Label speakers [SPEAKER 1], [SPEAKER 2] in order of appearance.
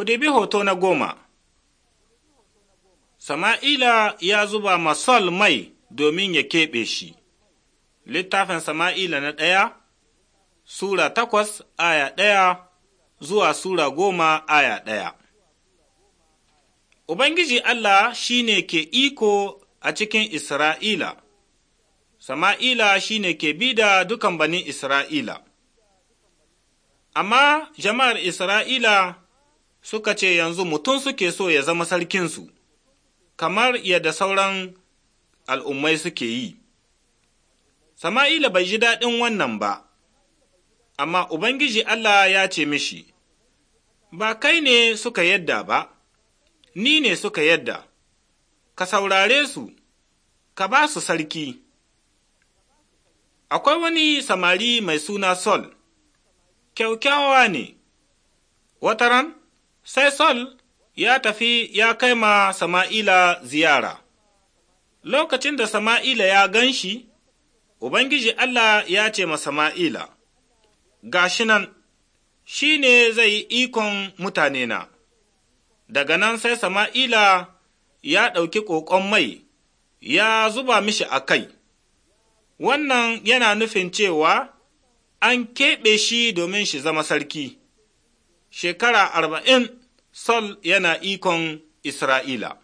[SPEAKER 1] Ku dibi hoto na goma. Sama'ila ya zuba masol mai domin ya keɓe shi. Littafin Sama'ila na ɗaya, Sura takwas aya ɗaya zuwa Sura goma aya ɗaya. Ubangiji Allah shi ne ke iko a cikin Isra'ila, Sama'ila shi ne ke bi da dukan banin Isra'ila. Amma jama'ar Isra'ila suka ce yanzu mutum suke so ya zama sarkinsu, kamar yadda sauran al'ummai suke yi. Sama'ila bai ji daɗin wannan ba, amma Ubangiji Allah ya ce mishi, Ba kai ne suka yadda ba, ni ne suka yadda, ka saurare su, ka ba su sarki. Akwai wani samari mai suna Sol, kyaukyawa ne, Wata ran. sai Sol ya tafi ya kai ma Sama'ila ziyara. Lokacin da Sama'ila ya gan shi, Ubangiji Allah ya ce ma Sama'ila, shi nan, shi ne zai yi ikon mutanena. Daga nan sai Sama'ila ya ɗauki ƙoƙon mai, ya zuba mishi a kai. Wannan yana nufin cewa an keɓe shi domin shi zama sarki, shekara arba'in Sol yana ikon Isra'ila.